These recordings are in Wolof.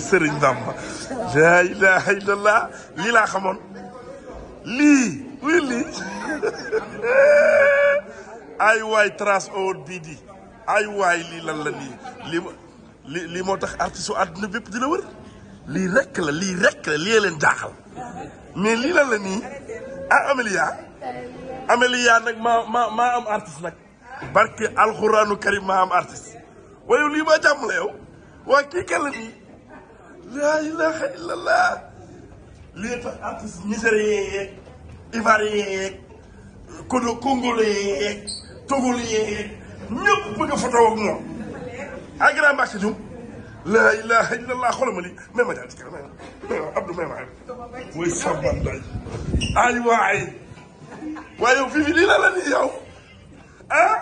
barki Serigne Bamba la ilaha illallah lii laa xamoon lii oui lii ay waay trace oor bii ay waay lii lan la lii li moo tax artiste u àdduna bépp di la wër lii rek la lii rek la lii leen jaaxal mais lii la ah, nag maa am artiste nag barke alxuraanu karim maa am artiste waaye lii maa jàmm la yow waa kii kenn laa ilaha illallah lii tax artiste nigérien yeeg ivoirien yeeg kodo congolais yeeg togolais yeeg ñëpp bëgg a photo ak moom à grand marché ñum laa ilaha illallah xoolal ma lii même ma daal ci kanam Abdou même ay mooy sabban day ay waay waaye yow fii fi lii la la ni yow ah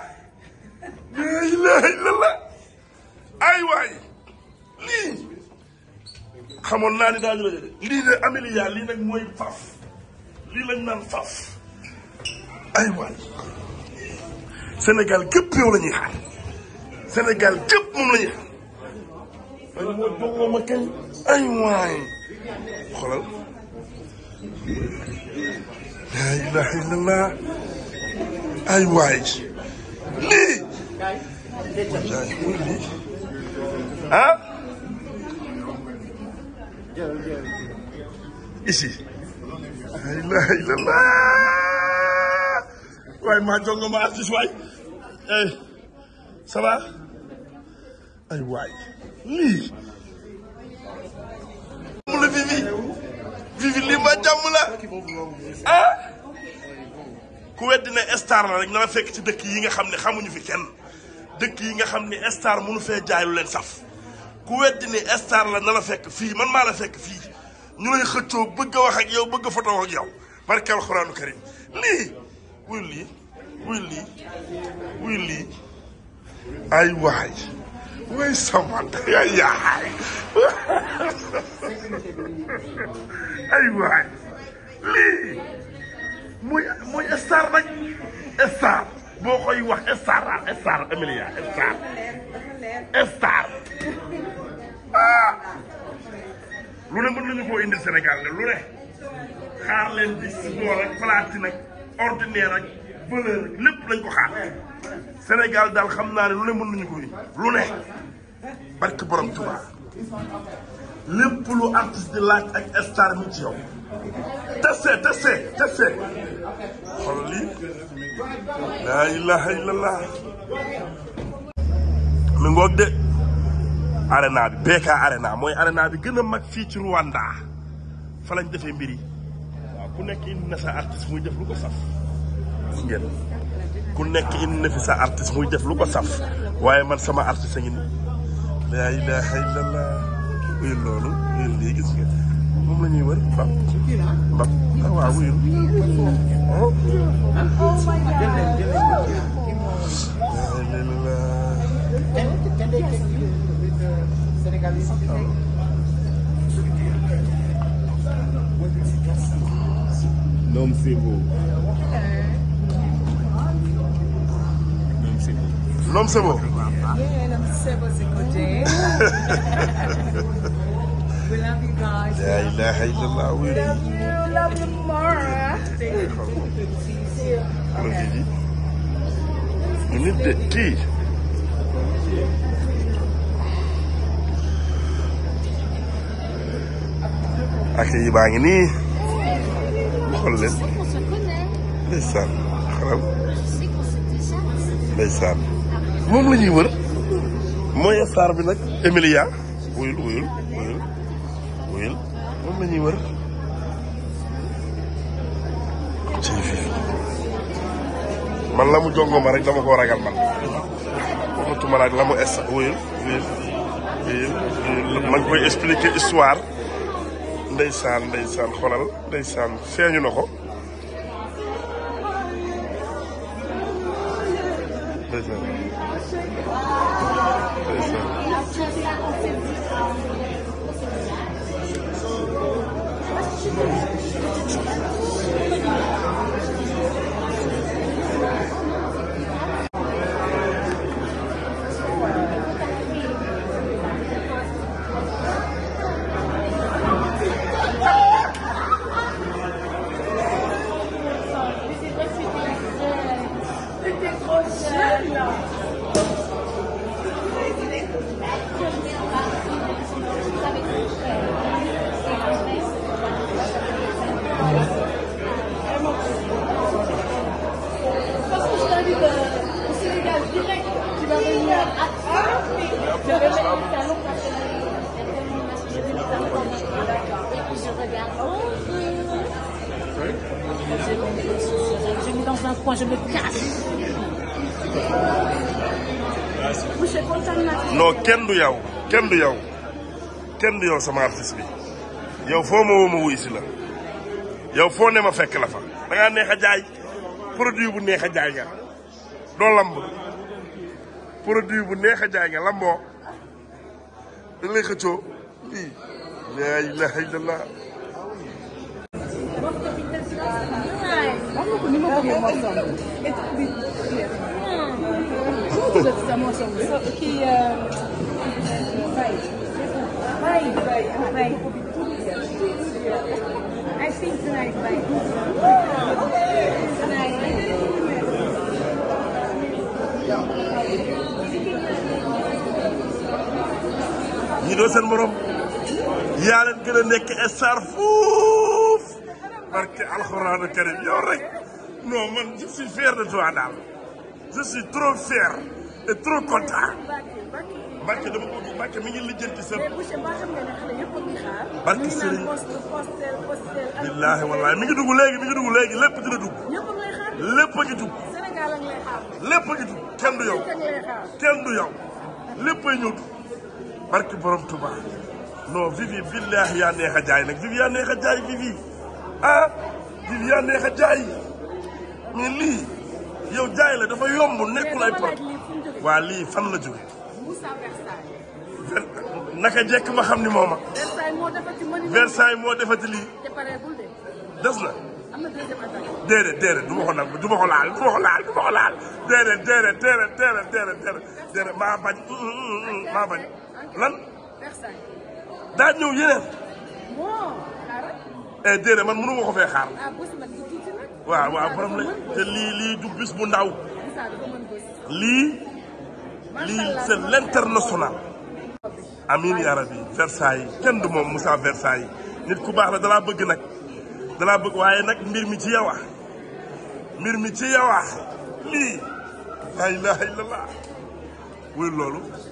laa ilaha illallah ay waay lii xamoon naa ni daañu la jëlee lii de Amélia lii nag mooy faaf lii lañ naan faaf ay waay Sénégal képp yow la ñuy xaar Sénégal képp moom la ñuy xaar man moo jox ma kañ ay waay xoolal laa ilaha illallah ay waay lii ah ici la ilaha illallah waaye maa jongo ma artiste waay eh ça ay waay lii la Vivi Vivi lii ma jàmm la ah ku weddi ne star la rek na la fekk ci dëkk yi nga xam ne xamuñu fi kenn dëkk yi nga xam ni star mënu fee jaay lu leen saf ku weddi ni star la na la fekk fii man maa la fekk fii ñu lay xëccoo bëgg a wax bëgg a foto ak yow barke alxuraanu karim lii wuy lii wuy lii ay waay way samanta ay yaay ay waay lii muy muy star nag boo koy wax star daal star Emilia Ah. lu ne mën nañu koo indil Sénégal la lu ne xaar di si bool ak platine ak ordinaire ak valeur ak ko xaar daal xam naa ne lu ne mën nañu ko indi lu ne barke borom Tuubaa lépp lu artiste di laaj ak star mi ci yow tese tese tese laa ilaha illallah mi ngoog arena bi BK arena mooy arena bi gën a mag fii ci Rwanda fa lañ defee mbir ku nekk indi na sa artiste muy def lu ko saf gis ku nekk indi na fi sa artiste muy def lu ko saf waaye man sama artiste a ngi nii laa ilaaha illallah loolu wuyul lii gis laa Sénégal yi sax loolu. Noom Sebo. Noom Sebo. Yeah, Noom Sebo's a good day. we love you guys. La ilaha illallah. We love you. Love you more. Thank you. See you. Okay. nit de kii. ak yi baa ngi nii xool leen ndeysaan xaral ndeysaan moom la ñuy mooy star bi nag Emilia wuyul wuyul wuyul wuyul moom la ñuy man la mu jongoma rek dama koo ragal man waxatuma nag la mu est wuyul wuyul wuyul man koy expliquer histoire ndeysaan ndeysaan xolal ndeysaan feeñu na ko ndeysaan Je me mets kenn du yow kenn du yow kenn du yow sama artiste bi foo ma woo ma wuy foo ne ma fekk la fa. da neex a jaay produit bu neex a jaay nga doo lamb produit bu neex a jaay nga lamboo da lay xëccoo lii. la ilaha illallah. am na ko ni ma bëggee mosoon. I think tonight, bye. ñi doo seen morom yaa leen gën a nekk star fuuf barke alxuraan karim yow rek non man je suis fier de toi daal je suis trop fier et trop content. Mbacke dama ko Mbacke mi ngi lijjanti sa. Barke Serigne billaahi wallaahi mi ngi dugg léegi mi ngi dugg léegi lépp dina dugg. lépp a ngi dugg. lépp a ngi dugg kenn du yow. kenn du yow léppay ñëw barke borom Touba non Vivi billaahi yaa neex a jaay nag Vivi yaa neex a jaay Vivi. ah Viviane neex a jaay mais lii yow jaay la dafa yomb nekkul ay pro. waa lii fan la jóge naka jekk ma xam ni mooma a. Versailles moo defati lii. des na. déedéet déedéet du ma ko nag du ma ko laal du ma ko laal du ma ko laal déedéet déedéet maa bañ mm, mm, mm, lan. daa ñëw yeneen. Eh, déedéet man mënu ma ko xaar. Ah, waaw waaw borom la te lii lii du bis bu ndaw. lii lii c' est l' international. amiin yaa rabbi Versailles kenn du moom Moussa Versailles nit ku baax la dalaa bëgg nag. dalaa bëgg waaye nag mbir mi ci yow mbir mi ci yow lii. la ilaha illallah wuy loolu.